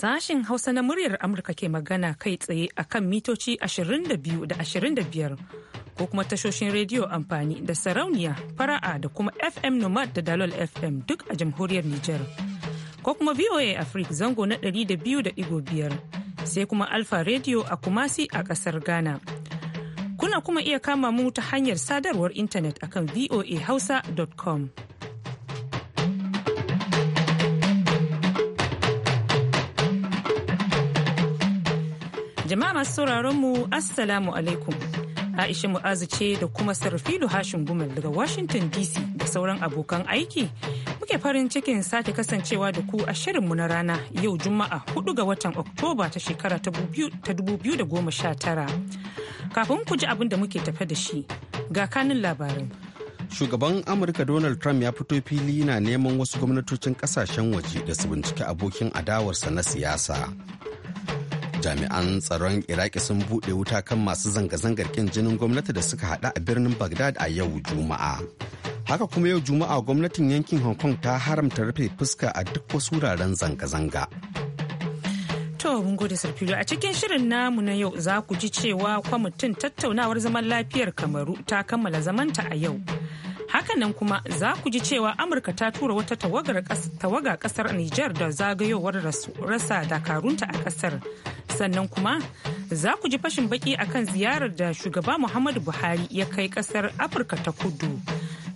Sashin Hausa na muryar Amurka ke magana kai tsaye a kan mitoci 22 da 25 ko kuma tashoshin rediyo amfani da sarauniya fara'a da kuma FM Nomad da Dalol FM duk a jamhuriyar Nijar. Ko kuma VOA Africa zango na 200.5 sai kuma Alfa rediyo a Kumasi a kasar Ghana. Kuna kuma iya kama mu ta hanyar sadarwar intanet akan voahausa.com. Jama'a masu sauraron mu Assalamu alaikum. Aisha Mu'azu ce da kuma Sarfilu Hashin Gumal daga Washington DC da sauran abokan aiki. Muke farin cikin sake kasancewa da ku a shirinmu na rana yau Juma'a 4 ga watan Oktoba ta shekara ta 2019. Kafin ku ji abin da muke tafe da shi ga kanin labarin. Shugaban Amurka Donald Trump ya fito fili na neman wasu gwamnatocin kasashen waje da su bincike abokin adawarsa na siyasa. jami'an tsaron iraki sun buɗe wuta kan masu zanga-zangar kin jinin gwamnati da suka haɗa a birnin bagdad a yau juma'a haka kuma yau juma'a gwamnatin yankin hong kong ta haramta rufe fuska a duk wasu wuraren zanga-zanga To mun gode Sarfilo a cikin shirin namu na yau za ku ji cewa kwamitin tattaunawar zaman lafiyar Kamaru ta kammala zamanta a yau. hakanan kuma za ku ji cewa amurka ta tura wata tawaga kasar niger da zagayowar rasa dakarunta a kasar sannan kuma za ku ji fashin baki akan ziyarar da shugaba muhammadu buhari ya kai kasar afirka ta kudu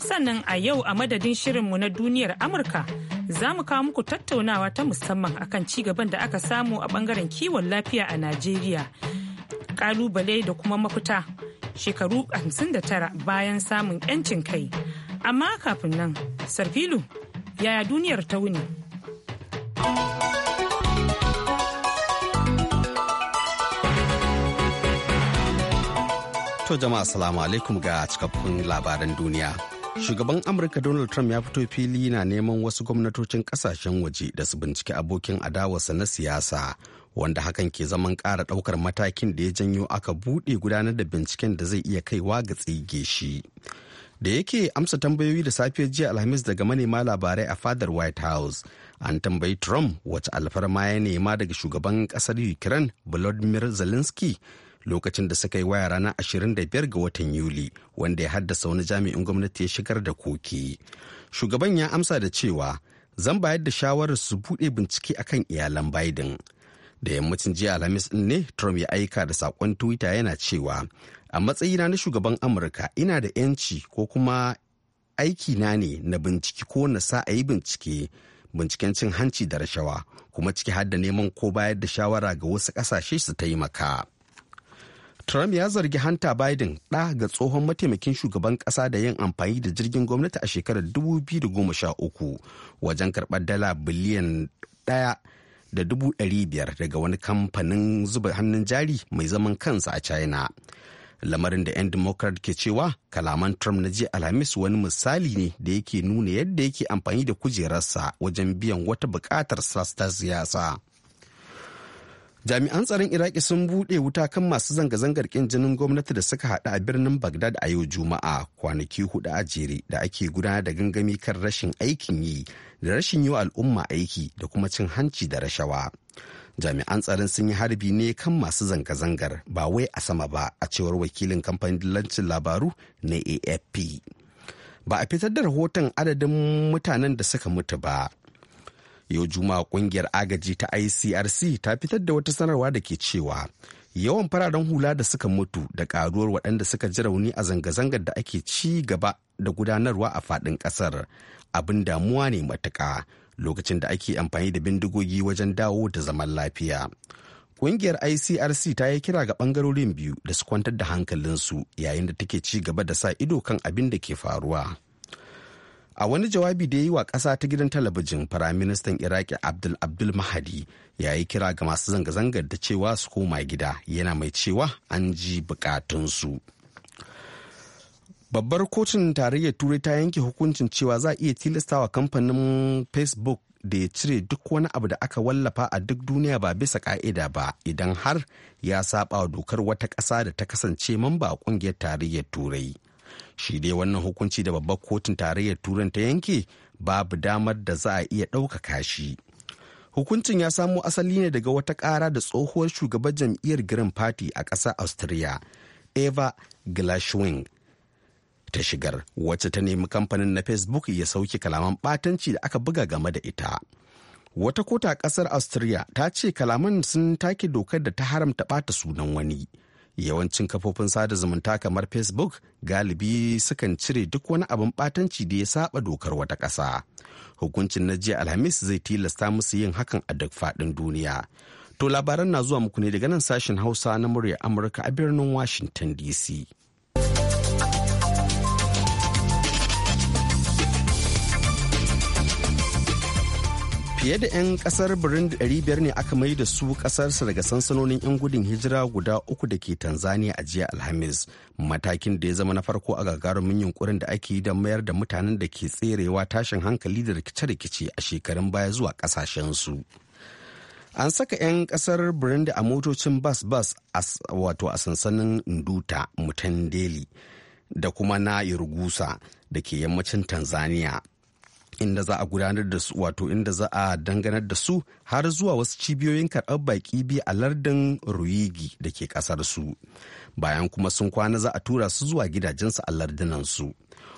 sannan a yau a madadin shirinmu na duniyar amurka za mu kawo muku tattaunawa ta musamman akan ci gaban da aka samu a bangaren kiwon lafiya a najeriya kalubale da kuma mafita shekaru 59 bayan samun 'yancin kai amma kafin nan sarfilu yaya duniyar ta wuni to jama'a salamu alaikum ga cikakkun labaran duniya Shugaban Amurka Donald Trump ya fito fili na neman wasu gwamnatocin kasashen waje da su binciki abokin adawarsa na siyasa wanda hakan ke zaman ƙara ɗaukar matakin da ya janyo aka buɗe gudanar da binciken da zai iya kaiwa ga tsige shi. Da yake amsa tambayoyi da safiyar jiya Alhamis daga manema labarai a fadar White House, an tambayi Trump wacce alfarma ya nema daga shugaban ƙasar Ukraine Volodymyr Zelensky lokacin da suka yi waya ranar 25 ga watan Yuli wanda ya haddasa wani jami'in gwamnati ya shigar da koki. Shugaban ya amsa da cewa zan bayar da shawarar su buɗe bincike akan iyalan Biden. Da yammacin jiya Alhamis ɗin ne Trump ya aika da saƙon Twitter yana cewa a matsayina na shugaban Amurka ina da 'yanci ko kuma aiki na ne na bincike ko na sa a yi bincike binciken cin hanci da rashawa kuma ciki har neman ko bayar da shawara ga wasu kasashe su taimaka. Trump ya zargi hanta Biden ɗa ga tsohon mataimakin shugaban ƙasa da yin amfani da jirgin gwamnati a shekarar 2013 wajen karɓar dala biliyan ɗaya da dubu biyar daga wani kamfanin zuba hannun jari mai zaman kansa a China. Lamarin da 'yan Democrat ke cewa kalaman Trump na jiya Alhamis wani misali ne da yake nuna yadda yake amfani da kujerarsa wajen biyan wata buƙatar siyasa. jami'an tsaron iraki sun buɗe wuta kan masu zanga-zangar kin jinin gwamnati da suka haɗu a birnin bagdad a yau juma'a kwanaki hudu a jere da ake gudanar da gangami kan rashin aikin yi da rashin yi al'umma aiki da kuma cin hanci da rashawa jami'an tsaron sun yi harbi ne kan masu zanga-zangar ba wai a sama ba a cewar wakilin kamfanin lancin labaru na afp ba a fitar da rahoton adadin mutanen da suka mutu ba yau juma'a kungiyar agaji ta icrc ta fitar da wata sanarwa da ke cewa yawan fararen hula da suka mutu da karuwar waɗanda suka ji rauni a zanga-zangar da ake ci gaba da gudanarwa a faɗin ƙasar abin damuwa ne matuka, lokacin da ake amfani da bindigogi wajen dawo da zaman lafiya Ƙungiyar ICRC ta yi kira ga ɓangarorin biyu da su kwantar da hankalinsu yayin da take ci gaba da sa ido kan abin da ke faruwa. a wani jawabi da ya yi wa ƙasa ta gidan talabijin firaministan iraki abdul abdul mahadi ya yi kira ga masu zanga-zangar da cewa su koma gida yana mai cewa an ji bukatunsu babbar kotun tarayyar turai ta yanke hukuncin cewa za a iya tilasta wa kamfanin facebook da ya cire duk wani abu da aka wallafa a duk duniya ba bisa ka'ida ba idan har ya saba wa dokar wata ƙasa da ta kasance mamba a ƙungiyar tarayyar turai shi dai wannan hukunci da babbar kotun tarayyar turan ta yanke babu damar da za a iya ɗaukaka shi hukuncin ya samo asali ne daga wata ƙara da tsohuwar shugaban jam'iyyar green party a ƙasar austria eva glashwing ta shigar wacce ta nemi kamfanin na facebook ya sauke kalaman ɓatanci da aka buga game da ita wata kota a ƙasar austria ta ce kalaman sun take dokar da ta haramta bata sunan wani yawancin kafofin sada zumunta kamar facebook galibi sukan cire duk wani abin batanci da ya saba dokar wata ƙasa hukuncin na jiya alhamis zai tilasta musu yin hakan a duk faɗin duniya to labaran na zuwa muku ne daga nan sashen hausa na murya amurka a birnin washington dc fiye da 'yan kasar burundi 500 ne aka mai da su kasarsa daga sansanonin 'yan gudun hijira guda uku da ke tanzania a jiya alhamis matakin da ya zama na farko a gagarumin yunkurin da ake yi da mayar da mutanen da ke tserewa tashin hankali da rikice-rikice a shekarun baya zuwa su an saka 'yan kasar burundi a motocin bas-bas wato a sansanin nduta mutandeli da kuma na irugusa da ke yammacin tanzania inda za a gudanar da su wato inda za a danganar da su har zuwa wasu cibiyoyin karɓar baƙi biyu a lardin ruyigi da ke ƙasar su bayan kuma sun kwana za a tura su zuwa gidajensu a lardunan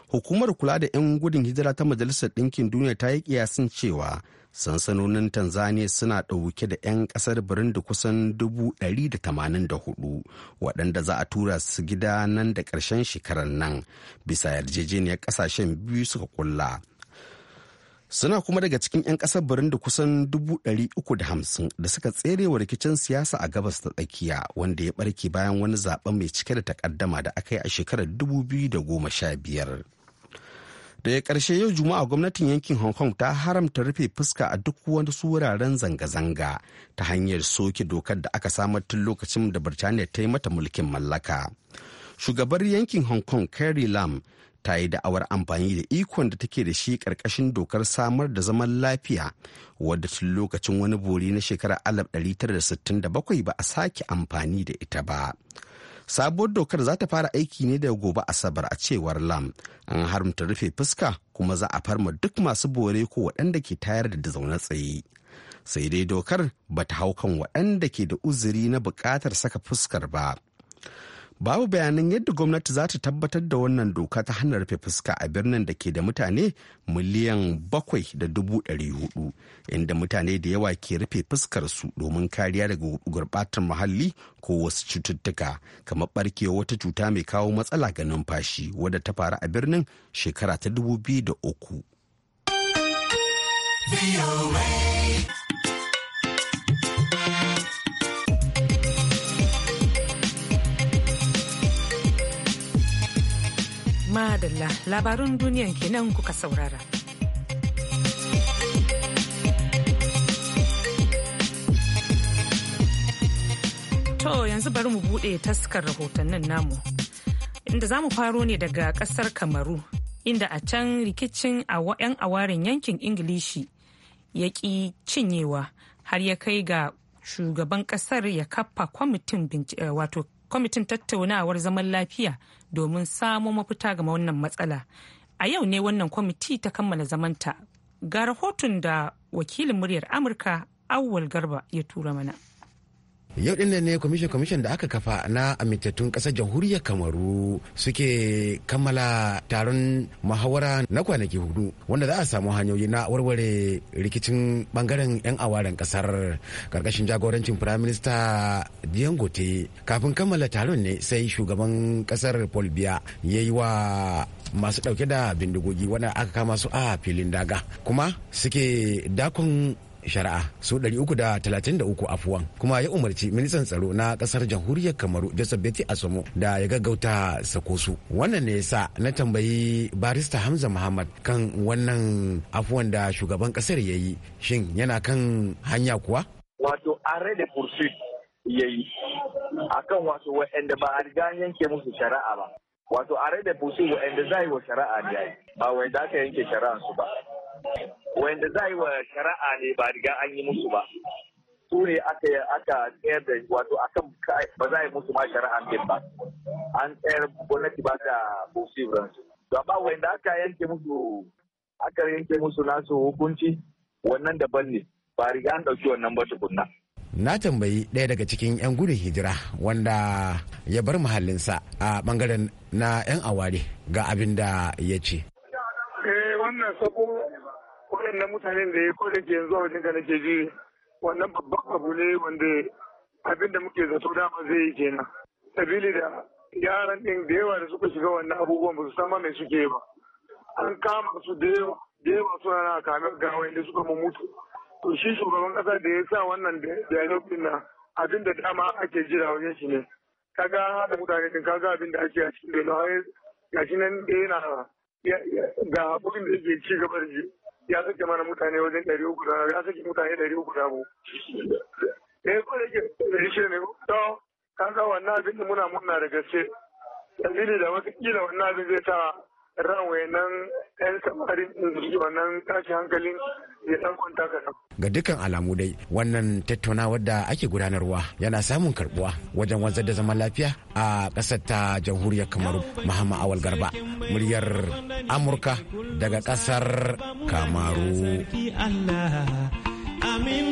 hukumar kula da 'yan gudun hijira ta majalisar ɗinkin duniya ta yi kiyasin cewa sansanonin tanzania suna ɗauke da 'yan ƙasar da kusan 184 waɗanda za a tura su gida nan da ƙarshen shekarar nan bisa yarjejeniyar ƙasashen biyu suka kulla suna kuma daga cikin 'yan ƙasar birnin da kusan 350 da suka tsere wa rikicin siyasa a gabas ta tsakiya wanda ya barke bayan wani zaben mai cike da takaddama da aka yi a shekarar 2015 daga ƙarshe yau juma'a gwamnatin yankin hong kong ta haramta rufe fuska a duk wani wuraren zanga-zanga ta hanyar soke dokar da aka samar tun lokacin da birtaniya ta yi mata mulkin mallaka shugabar yankin hong kong carrie lam ta yi da'awar amfani da ikon da take da shi ƙarƙashin dokar samar da zaman lafiya wadda tun lokacin wani bori na shekarar 1967 ba a sake amfani da ita ba. sabuwar dokar za ta fara aiki ne da gobe asabar a cewar lam an haramta rufe fuska kuma za a farma duk masu bore ko waɗanda ke tayar da zaune tsaye sai dai dokar ba ta hau kan waɗanda ke da uzuri na buƙatar saka fuskar ba babu bayanan yadda gwamnati za ta tabbatar da wannan doka ta hana rufe fuska a birnin da ke da mutane miliyan bakwai da dubu ɗari hudu inda mutane da yawa ke rufe fuskar su domin kariya daga gurɓatar muhalli ko wasu cututtuka kamar ɓarkewa wata cuta mai kawo matsala ga numfashi wadda ta faru a birnin shekara ta dubu biyu da uku. madalla labarun duniyan kenan kuka saurara. To yanzu bari mu buɗe taskar rahotannin namu. Inda za mu faro ne daga ƙasar Kamaru, inda a can rikicin 'yan awarin yankin Ingilishi ya ki cinyewa har ya kai ga shugaban kasar ya kafa kwamitin eh, wato kwamitin tattaunawar zaman lafiya domin samo mafita ga wannan matsala a yau ne wannan kwamiti ta kammala zamanta ga rahoton da wakilin muryar amurka Auwal garba ya tura mana yau din ne kwamishin kwamishin da aka kafa na amintattun ƙasar jamhuriyar kamaru suke kammala taron muhawara na kwanaki hudu wanda za a samu hanyoyi na warware rikicin bangaren 'yan awaren ƙasar karkashin jagorancin prime firaminista diangote kafin kammala taron ne sai shugaban ƙasar paul biya ya yi wa masu ɗauke da bindigogi wanda aka kama su a filin daga kuma suke dakon shari'a su 333 afuwan kuma ya umarci ministan tsaro na kasar jamhuriyar kamaru joseph beti asomo da ya gaggauta sako su wannan ne yasa na tambayi barista hamza muhammad kan wannan afuwan da shugaban kasar ya yi shin yana kan hanya kuwa wato are da pursuit ya yi akan wato wa'anda ba a riga yanke musu shari'a ba wato are da pursuit wa'anda za yi wa shari'a yi ba za aka yanke shari'a su ba wanda za yi wa shari'a ne ba riga an yi musu ba su ne aka tsayar da wato akan ba za a yi musu ma shari'a ne ba an tsayar gwamnati ba ta busi ransu to amma wanda aka yanke musu aka yanke musu nasu hukunci wannan daban ne ba riga an ɗauki wannan ba tukunna. na tambayi ɗaya daga cikin 'yan gudun hijira wanda ya bar muhallinsa a ɓangaren na 'yan aware ga abin da ya ce. ina sako na mutanen da ya kore ke yanzu a wajen ka nake ji wannan babban abu ne wanda abin da muke zato dama zai yi kenan sabili da yaran din da yawa da suka shiga wannan abubuwan ba su san ma mai suke ba an kama su da yawa da yawa suna na kamar gawai da suka mutu to shi shugaban kasa da ya sa wannan da ya nufin na abin da dama ake jira wajen shi ne kaga da mutane din kaga abin da ake a cikin da ya gashi nan da yana ga abin da yake ci gaba da shi ya sake mana mutane wajen ɗari uku da ya sake mutane ɗari uku da abu. Eh ko da ke ɗari shi ne ta? kan ga wannan abin da muna murna da gaske. Dalili da wata kila wannan abin zai ta ran wayannan 'yan samarin wannan tashi hankalin ya san kwanta kaɗan. Ga dukkan alamu dai wannan tattaunawar da ake gudanarwa yana samun karbuwa wajen wanzar da zaman lafiya a ƙasar ta jamhuriyar Kamaru Muhammad Awal Garba muryar Amurka daga ƙasar Kamaru. Amin,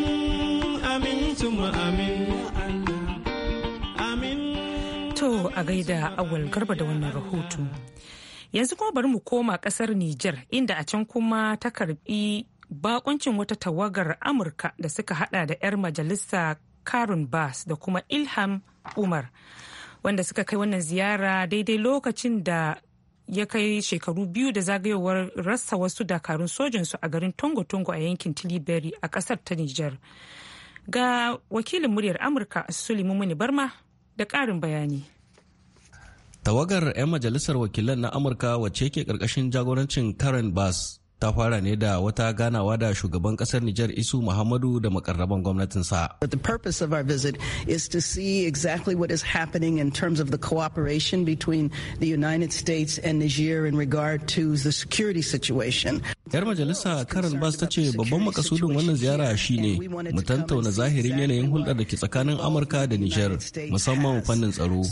amin, amin. To a gaida awal garba da wannan rahoto. yanzu kuma bari mu koma kasar nijar inda a can kuma ta karbi bakuncin wata tawagar amurka da suka hada da 'yar majalisa karun bas da kuma ilham umar wanda suka kai wannan ziyara daidai lokacin da ya kai shekaru biyu da zagayowar rasa wasu dakarun sojinsu a garin tongo-tongo a yankin tiliberi a kasar ta nijar ga wakilin muryar amurka sulimu muni barma da ƙarin bayani Tawagar 'yan majalisar wakilan na Amurka wacce ke karkashin jagorancin Karen Bass ta fara ne da wata ganawa da shugaban kasar Nijar Isu Muhammadu da makarraban gwamnatinsa. But the purpose of our visit is to see exactly what is happening in terms of the cooperation between the United States and Niger in regard to the security situation. Yar majalisa Karen Bass ta ce babban makasudin wannan ziyara shine mu tantauna zahirin yanayin hulɗar da ke tsakanin Amurka da Nijar musamman fannin tsaro.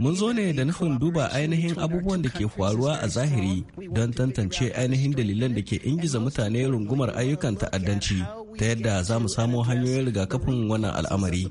Mun zo ne da nufin duba ainihin abubuwan da ke faruwa a zahiri don tantance ainihin dalilin dalilan da ke ingiza mutane rungumar ayyukan ta'addanci ta yadda za mu samo hanyoyin rigakafin wannan al'amari.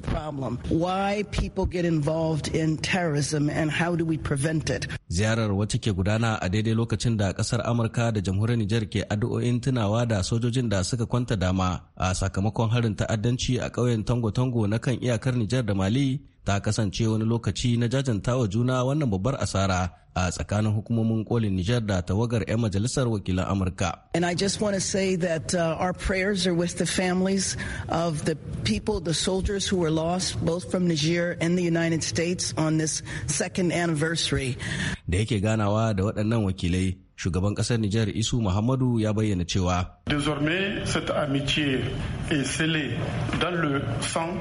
Ziyarar wacce ke gudana a daidai lokacin da kasar Amurka da jamhuriyar Nijar ke addu'o'in tunawa da sojojin da suka kwanta dama a sakamakon harin ta'addanci a ƙauyen Tango-Tango na kan iyakar Nijar da Mali ta kasance wani lokaci na jajanta wa juna wannan babbar asara a tsakanin hukumomin kolin Nijar da tawagar 'yan majalisar wakilan Amurka. And I just want to say that uh, our prayers are with the families of the people, the soldiers who were lost both from Niger and the United States on this second anniversary. Da yake ganawa da waɗannan wakilai shugaban kasar Nijar Isu Muhammadu ya bayyana cewa. Désormais, cette amitié est scellée dans le sang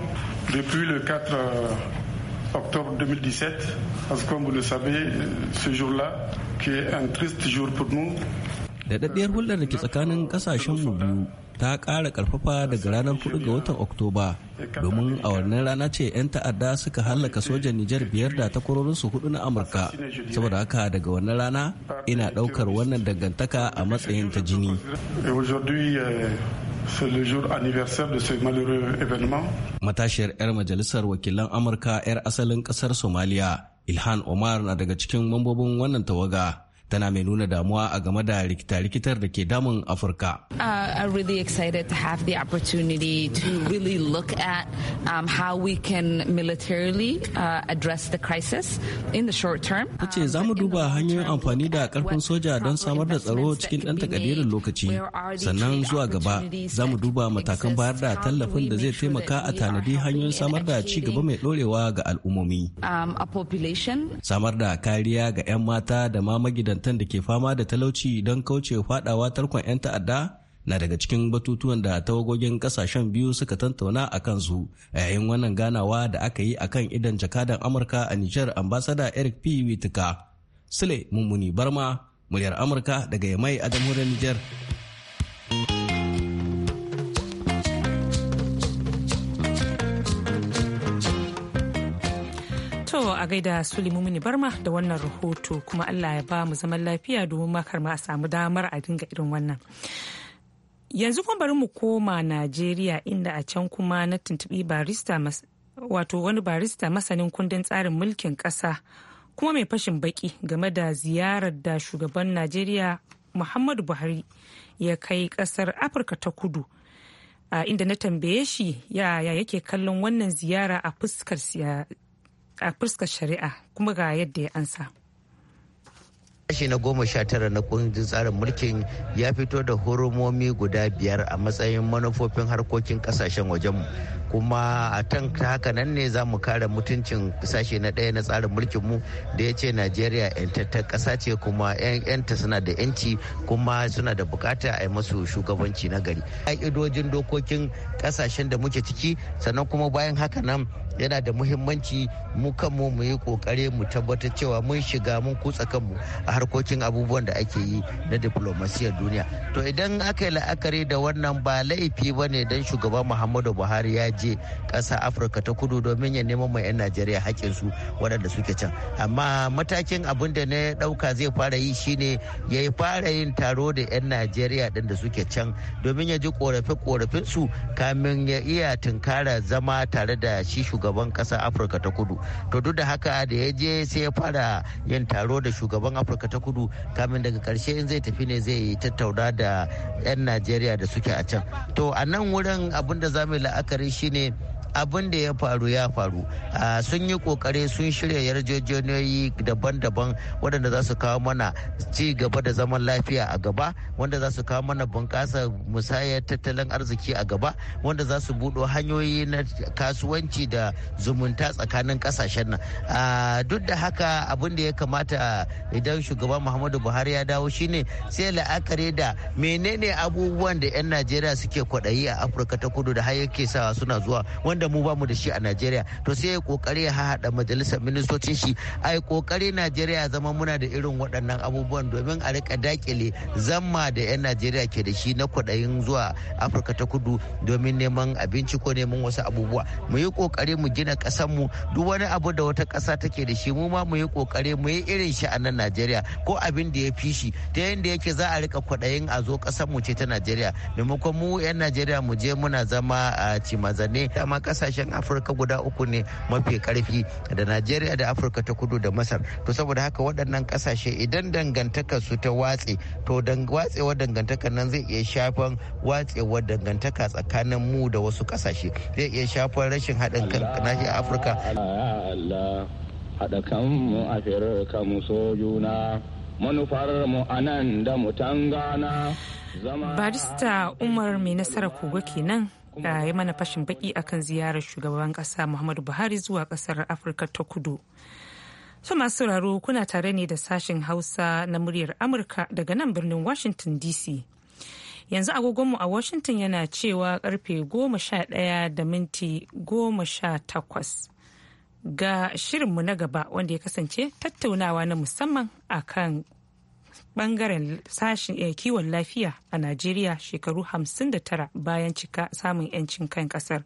depuis le 4 euh, octobre 2017, parce que comme vous le savez, ce jour-là, qui est un triste jour pour nous. Da hulɗar da ke tsakanin ƙasashen biyu ta kara karfafa daga ranar 4 ga watan Oktoba domin a wannan rana ce 'yan ta'adda suka hallaka sojan Nijar biyar da takwarorinsu hudu na Amurka. Saboda haka daga wannan rana ina ɗaukar wannan dangantaka a matsayin ta jini. Euh, Matashiyar 'yar majalisar wakilan Amurka 'yar asalin kasar Somaliya, Ilhan Omar na daga cikin mambobin wannan tawaga. tana mai nuna damuwa a game da rikita-rikitar da ke damun afirka ce za mu um, duba hanyoyin amfani da karfin soja don samar da tsaro cikin ɗan takadirin lokaci sannan zuwa gaba za mu duba matakan bayar da tallafin da zai taimaka a tanadi hanyoyin samar da ci gaba mai ɗorewa ga al'ummomi um, samar da kariya ga 'yan mata da ma magidan mabantantan da ke fama da talauci don kauce fadawa tarkon 'yan ta'adda na daga cikin batutuwan da tawagogin kasashen biyu suka tantauna a kansu a yayin wannan ganawa da aka yi akan idan jakadan amurka a nijar ambasada eric p wituka sule mummuni barma muryar amurka daga yamai a jamhuriyar nijar To a gaida mini Barma da wannan rahoto kuma Allah ya ba mu zaman lafiya domin makar ma a samu damar a dinga irin wannan. Yanzu kuma bari mu koma Najeriya inda a can kuma na tuntubi barista wato wani barista masanin kundin tsarin mulkin ƙasa kuma mai fashin baki game da ziyarar da shugaban Najeriya Muhammadu Buhari ya kai ƙasar Afirka ta kudu. inda na tambaye shi yaya yake kallon wannan ziyara a fuskar a fuskar shari'a kuma ga yadda ya ansa. Sashi na goma sha tara na kundin tsarin mulkin ya fito da horomomi guda biyar a matsayin manufofin harkokin kasashen wajenmu kuma a tan haka nan ne za mu kare mutuncin sashe na ɗaya na tsarin mulkin mu da ya ce najeriya yantattar ƙasa ce kuma yanta suna da yanci kuma suna da bukata a yi masu shugabanci na gari ƙa'idojin dokokin ƙasashen da muke ciki sannan kuma bayan haka nan yana da muhimmanci mu kanmu mu yi kokare mu tabbatar cewa mun shiga mun kutsa kanmu a harkokin abubuwan da ake yi na diplomasiyar duniya to idan aka yi la'akari da wannan ba laifi ba ne don shugaba muhammadu buhari ya je ƙasa afirka ta kudu domin ya neman mai 'yan najeriya su waɗanda suke can amma matakin abin da na ɗauka zai fara yi shine ya fara yin taro da 'yan najeriya ɗin da suke can domin ya ji ƙorafe su kamin ya iya tunkara zama tare da shi shugaban ƙasa afirka ta kudu to duk da haka da ya je sai ya fara yin taro da shugaban afirka ta kudu kamin daga karshe in zai tafi ne zai yi tattauna da 'yan najeriya da suke a can to a nan wurin abin da za mu yi la'akari shi shine abin da ya faru ya faru ah, sun yi kokare sun shirya yarjejeniyoyi daban-daban waɗanda za su kawo mana ci gaba da zaman lafiya a gaba wanda za su kawo mana bunƙasa musayar tattalin arziki a gaba wanda za su buɗo hanyoyi na kasuwanci da zumunta tsakanin ƙasashen nan ah, duk da haka abin da ya kamata idan shugaban muhammadu buhari ya dawo shine sai la'akari da menene abubuwan da 'yan najeriya suke kwaɗayi a afirka ta kudu da har yake sawa suna zuwa wanda mu bamu da shi a Najeriya to sai ya kokari ya haɗa majalisar ministocin shi ai kokari Najeriya zama muna da irin waɗannan abubuwan domin a rika dakile zamma da 'yan Najeriya ke da shi na kudayin zuwa Afirka ta Kudu domin neman abinci ko neman wasu abubuwa mu yi kokari mu gina ƙasar mu duk wani abu da wata ƙasa take da shi mu ma mu yi kokari mu yi irin shi a nan Najeriya ko abin da ya fi shi ta yadda yake za a rika kwaɗayin a zo ƙasar mu ce ta Najeriya maimakon mu 'yan Najeriya mu je muna zama a cimazane kasashen afirka guda uku ne mafi karfi da najeriya da afirka ta kudu da masar to saboda haka waɗannan kasashe idan dangantakar su ta watse to watsewar dangantakar nan zai iya shafan watsewar dangantaka tsakanin mu da wasu kasashe zai iya shafan rashin haɗin kan nahiyar afirka haɗa kanmu a firar kanmu so juna manufar mu anan da mu tangana barista umar mai nasara kogo kenan da ya mana fashin baki akan ziyarar shugaban kasa Muhammadu Buhari zuwa kasar Afirka ta kudu. su masu sauraro kuna tare ne da sashen Hausa na muryar Amurka daga nan birnin Washington DC. Yanzu agogonmu a Washington yana cewa karfe goma sha ɗaya da minti goma sha takwas. Ga shirinmu na gaba wanda ya kasance tattaunawa na musamman akan bangaren sashen eh, kiwon lafiya a najeriya shekaru 59 bayan cika samun 'yancin kan kasar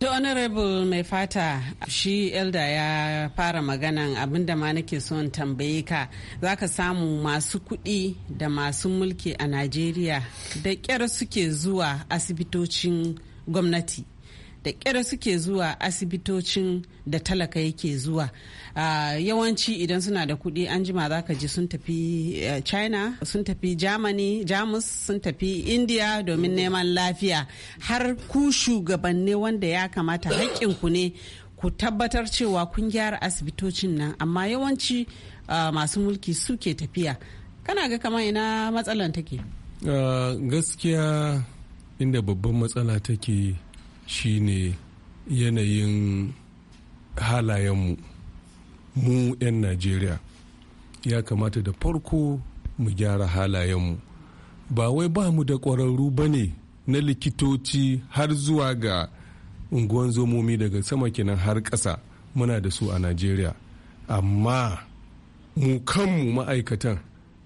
To honorable mai fata shi elda ya fara maganan abinda ma nake son tambaye ka zaka samu masu kuɗi da masu mulki a najeriya da ƙyar suke zuwa asibitocin gwamnati da ƙyar suke zuwa asibitocin da talaka yake zuwa ah, yawanci idan suna da kuɗi an jima za ka ji sun tafi eh, china sun tafi germany jamus sun tafi india domin neman lafiya har ku shugabanni wanda ya kamata haƙƙinku ne ku tabbatar cewa kun gyara asibitocin nan amma yawanci ah, masu mulki suke tafiya kana ga kama ina matsalan take ah, gaskiya inda babban matsala take shine yanayin halayenmu mu 'yan najeriya ya kamata da farko mu gyara halayenmu ba wai ba mu da ƙwararru ba ne na likitoci har zuwa ga unguwan zomomi daga sama kenan har ƙasa muna da su a najeriya amma mu kanmu ma'aikatan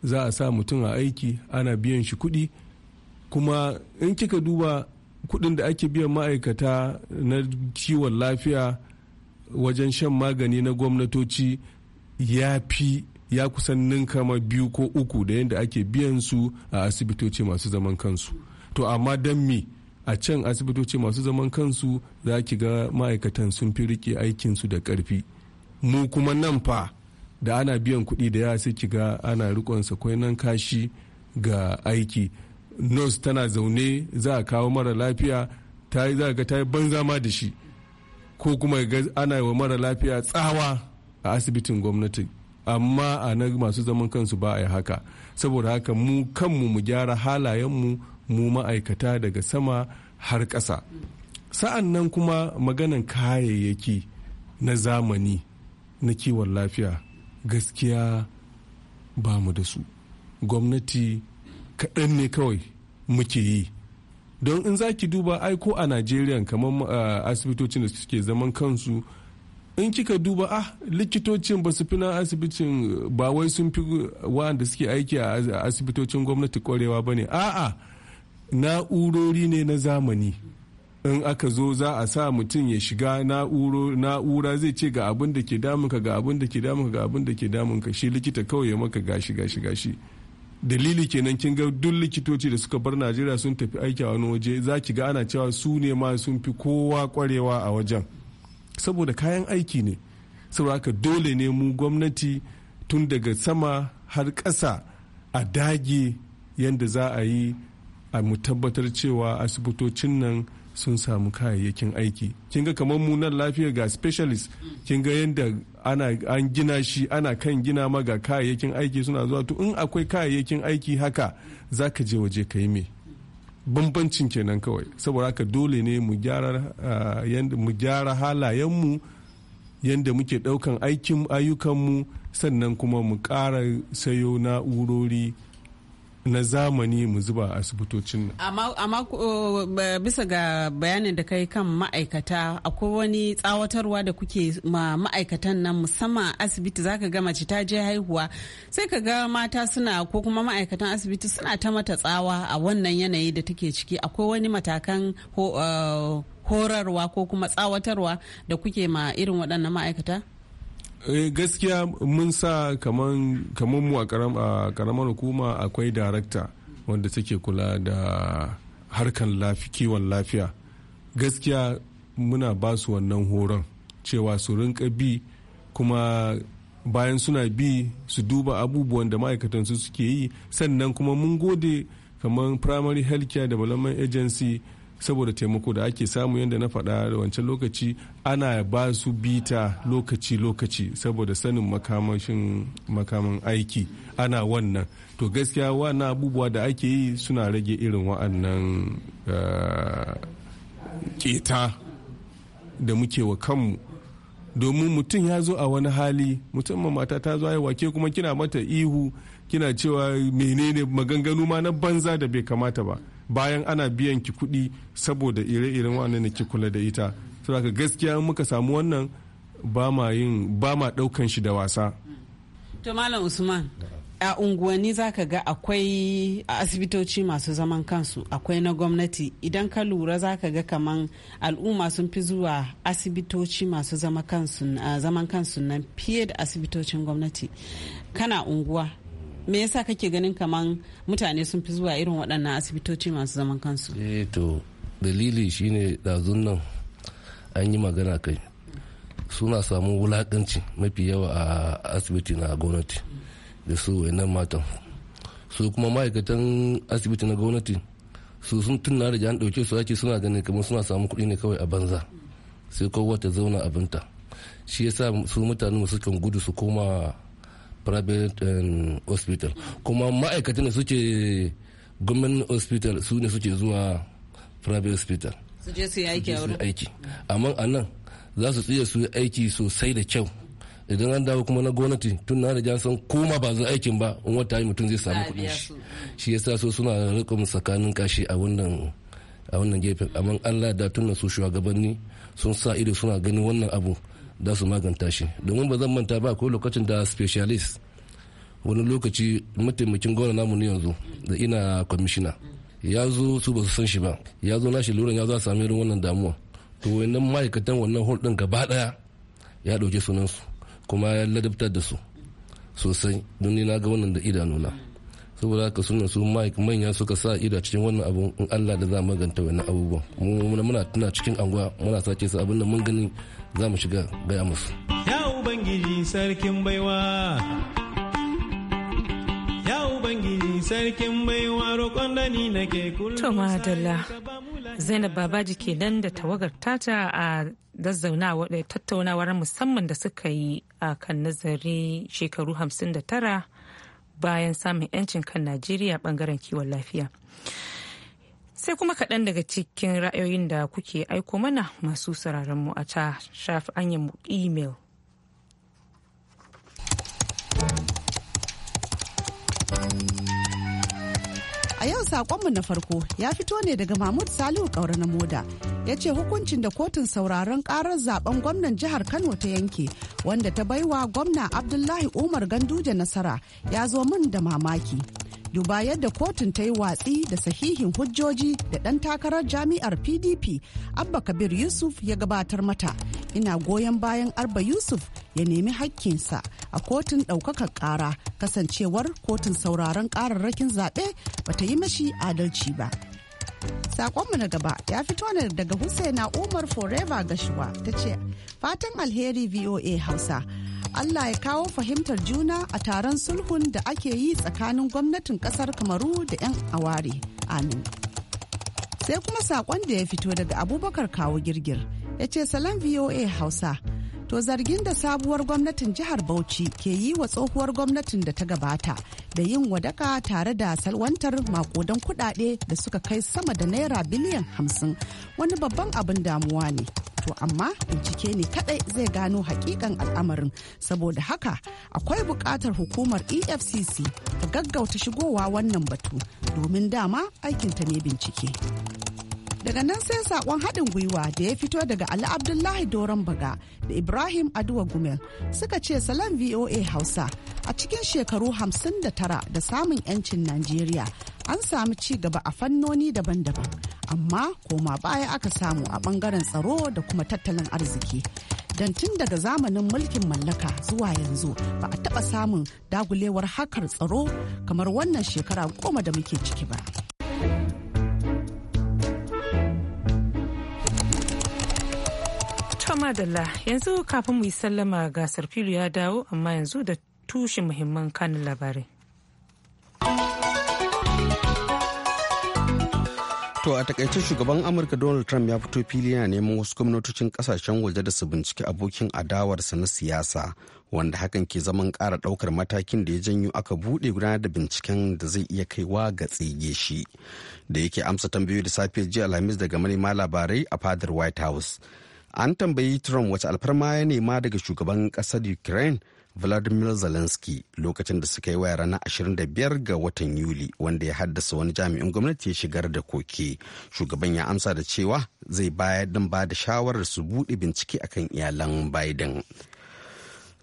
za a sa mutum a aiki ana biyan shi kuɗi kuma in kika duba kuɗin da ake biyan ma'aikata na kiwon lafiya wajen shan magani na gwamnatoci ya fi ya kusan ninka ma biyu ko uku da yadda ake biyan su a asibitoci masu zaman kansu to amma don me a can asibitoci masu zaman kansu za ki ga ma'aikatan sun fi rike aikinsu da karfi mu kuma nan fa da ana biyan kuɗi da ya sai ki ga ana riƙon sakwai nan kashi ga aiki nurse tana zaune za a kawo mara lafiya ta yi za ga ta yi banza ma da shi ko kuma ana wa mara lafiya tsawa a asibitin gwamnati amma a na masu zaman kansu ba a yi haka saboda haka mu kanmu mu gyara halayenmu mu ma'aikata daga sama har ƙasa sa'an nan kuma maganan kayayyaki na zamani na kiwon lafiya gaskiya ba mu da su gwamnati kaɗan ne kawai muke yi don in za ki duba aiko a najeriya kamar ah, asibitocin da suke zaman kansu in kika duba ah likitocin ba su fi na asibitin ba wai sun fi da suke aiki a asibitocin gwamnati kwarewa ba ne a'a na'urori ne na zamani in aka zo za a sa mutum ya shiga na'ura zai ce ga abin da ke damunka ga abin da ke damunka ga abin da ke damunka shi likita kawai ya maka gashi gashi gashi dalili kenan kin ga duk likitoci da suka bar najeriya sun tafi aiki a wani waje za ki ga ana cewa su ne ma sun fi kowa kwarewa a wajen saboda kayan aiki ne saboda haka dole ne mu gwamnati tun daga sama har ƙasa a dage yadda za a yi a mu tabbatar cewa asibitocin nan sun samu kayayyakin aiki kin ga kamar mu nan lafiya ga specialist kin ga yadda ana an gina shi ana kan gina ma ga kayayyakin aiki suna zuwa to in akwai kayayyakin aiki haka za ka je waje ka yi me bambancin kenan kawai saboda haka dole ne mu gyara halayen mu gyara yadda muke ɗaukan aikin ayyukanmu sannan kuma mu ƙara sayo na'urori na zamani mu zuba asibitocin nan. Amma bisa ga bayanin da kai kan ma'aikata akwai wani tsawatarwa da kuke ma ma'aikatan nan musamman asibiti zaka ga mace ta je haihuwa sai ka ga mata suna ko kuma ma'aikatan asibiti suna ta mata tsawa a wannan yanayi da take ciki akwai wani matakan eh, horarwa ko kuma tsawatarwa da kuke ma irin waɗannan ma'aikata? Eh, gaskiya mun sa kamar mu a karamar hukuma akwai darakta wanda take kula da harkan kiwon lafiya gaskiya muna ba su wannan horon cewa su rinka bi kuma bayan suna bi su duba abubuwan da ma'aikatansu suke yi sannan kuma mun gode kamar primary healthcare development agency saboda taimako da ake samu yadda na faɗa da wancan lokaci ana ba su bita lokaci-lokaci saboda sanin makamashin makaman aiki ana wannan to gaskiya wannan abubuwa da ake yi suna rage irin wa'annan eh, keta da muke wa kanmu domin mutum ya zo a wani hali mutum mata ta zo haihuwa ke kuma kina mata ihu kina cewa menene maganganu ma na banza da bai kamata ba bayan ana biyan ki kuɗi saboda ire-iren wannan da ki kula da ita ka gaskiya muka samu wannan ba ma yin ba ma ɗaukan shi da wasa to malam usman a unguwanni za ka ga akwai asibitoci masu zaman kansu akwai na gwamnati idan ka lura za ka ga kaman al'umma sun fi zuwa asibitoci masu zaman kansu nan fiye da asibitocin gwamnati kana unguwa me yasa kake ganin kaman mutane sun fi zuwa irin waɗannan asibitoci masu zaman kansu eh to dalili shine ɗazun nan an yi magana kai suna samun wulakanci mafi yawa a asibiti na gwamnati da su wainan matan su kuma ma'aikatan asibiti na gwamnati su sun tunna da an ɗauke su ake suna ganin kamar suna samun kuɗi ne kawai a banza sai kowa ta zauna abinta shi yasa su mutane su kan gudu su koma private hospital kuma ma'aikatan da suke gwamnan hospital su ne suke zuwa private hospital su je su yi aiki amma a nan za su tsaye su yi aiki sosai da kyau idan an dawo kuma na gwamnati tun na da jansan koma ba za aikin ba in wata yi mutum zai samu kuɗi shi shi yasa so suna rikon tsakanin kashi a wannan a wannan gefen amma allah da tunan su shugabanni sun sa ido suna ganin wannan abu da su maganta shi domin ba zan manta ba ko lokacin da specialist wani lokaci mataimakin gwamna namu ne yanzu da ina kwamishina ya zo su ba su san shi ba ya zo nashi lura ya zo a sami irin wannan damuwa to wannan ma'aikatan wannan hol din gaba daya ya dauke sunansu kuma ya ladabtar da su sosai don ni na ga wannan da idanuna saboda haka suna su mike manya suka sa ida cikin wannan abu in Allah da za maganta wannan abubuwan muna tuna cikin anguwa muna sake su abin da mun gani za mu shiga gaya musu ya ubangiji sarkin baiwa ya ubangiji sarkin baiwa roƙon da ni nake kullum zainab babaji ke nan da tawagar tata a da eh, tattaunawar musamman da suka yi a kan nazari shekaru hamsin da tara bayan samun 'yancin kan najeriya bangaren kiwon lafiya sai kuma kaɗan daga cikin ra'ayoyin da kuke aiko mana masu sauraron mu a ta shafi email. sakonmu na farko ya fito ne daga Mahmud Salihu Kaura na Moda. Ya ce hukuncin da kotun sauraron karar zaben gwamnan jihar Kano ta yanke wanda ta baiwa gwamna Abdullahi Umar Ganduje nasara ya zo min da mamaki. Duba yadda kotun ta yi watsi da sahihin hujjoji da ɗan takarar jami'ar PDP Abba Kabir Yusuf ya gabatar mata. Ina goyon bayan Arba Yusuf ya nemi hakkinsa a kotun ɗaukakar ƙara kasancewar kotun sauraron ƙararrakin zaɓe bata yi mashi adalci ba. Sakonmu na gaba ya fito ne daga Husaina Umar Forever Gashuwa ta ce, Fatan alheri VOA Hausa. Allah ya kawo fahimtar juna a taron sulhun da ake yi tsakanin gwamnatin ƙasar Kamaru da 'yan aware. Amin. Sai kuma sakon da ya fito daga Abubakar Kawo Girgir ya ce salam VOA Hausa to zargin da sabuwar gwamnatin jihar bauchi ke yi wa tsohuwar gwamnatin da ta gabata da yin wadaka tare da salwantar makodan kudade da suka kai sama da naira biliyan hamsin wani babban abin damuwa ne to amma bincike ne kadai zai gano hakikan al'amarin saboda haka akwai bukatar hukumar efcc ta gaggauta shigowa wannan batu domin dama aikinta ne bincike Daga nan sai sakon haɗin gwiwa da ya fito daga Ali Abdullahi Doron Baga da Ibrahim Aduwa Gumel suka ce salam VOA Hausa a cikin shekaru 59 da samun 'yancin Najeriya an samu ci gaba a fannoni daban-daban amma koma baya aka samu a bangaren tsaro da kuma tattalin arziki. don tun daga zamanin mulkin mallaka zuwa yanzu ba a taɓa samun dagulewar hakar tsaro kamar wannan shekara goma da muke ciki ba. madalla yanzu kafin mu yi sallama gasar filu ya dawo amma yanzu da tushen muhimman kanin labarai. To a takaice shugaban Amurka Donald Trump ya fito fili yana neman wasu gwamnatocin kasashen waje da su bincike abokin adawarsa na siyasa wanda hakan ke zaman kara daukar matakin da ya janyo aka bude gudanar da binciken da zai iya kaiwa ga tsige shi. Da yake amsa tambayoyi da safe jiya Alhamis daga manema labarai a fadar White House. an tambayi trump wace alfarma ya nema daga shugaban ƙasar ukraine vladimir zelensky lokacin da suka yi waya ranar 25 ga watan yuli wanda ya haddasa wani jami'in gwamnati ya shigar da koke shugaban ya amsa da cewa zai bayar don ba da shawarar su buɗe bincike akan iyalan biden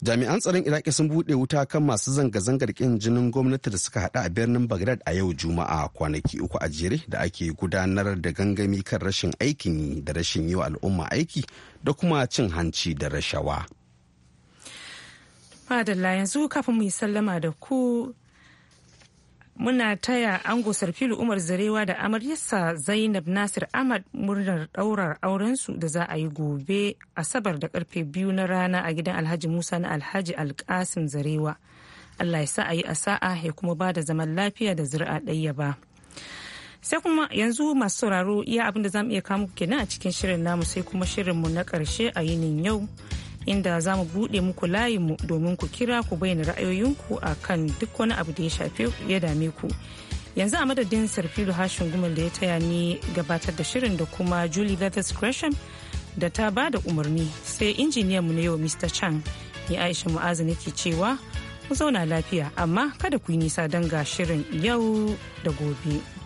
jami'an tsaron iraki sun buɗe wuta kan masu zanga-zangar kin jinin gwamnati da suka haɗa a birnin bagdad a yau juma'a kwanaki uku a jere da ake gudanar da gangami kan rashin aikin yi da rashin yi wa al'umma aiki da kuma cin hanci da rashawa. Madalla yanzu kafin mu yi sallama da ku muna taya ango sarfilu umar zarewa da amaryarsa zainab nasir ahmad murnar daurar aurensu da za a yi gobe asabar da karfe biyu na rana a gidan alhaji musa na alhaji alkasim zarewa allah ya sa a yi a sa'a ya kuma ba da zaman lafiya da zuri'a ɗaya ba sai kuma yanzu masu sauraro iya abinda da za mu iya kamu kenan a cikin shirin namu sai kuma shirin mu na ƙarshe a yinin yau inda za mu buɗe muku layinmu domin ku kira ku bayyana ra'ayoyinku a kan duk wani abu da ya shafe ya dame ku. Yanzu a madadin Sarfilu Hashin Gumal da ya taya ni gabatar da shirin da kuma Julie Leathers Gresham da ta ba da umarni sai injiniyan mu na yau Mr. Chang ya Aisha Mu'azu nake cewa mu zauna lafiya amma kada ku yi nisa don ga shirin yau da gobe.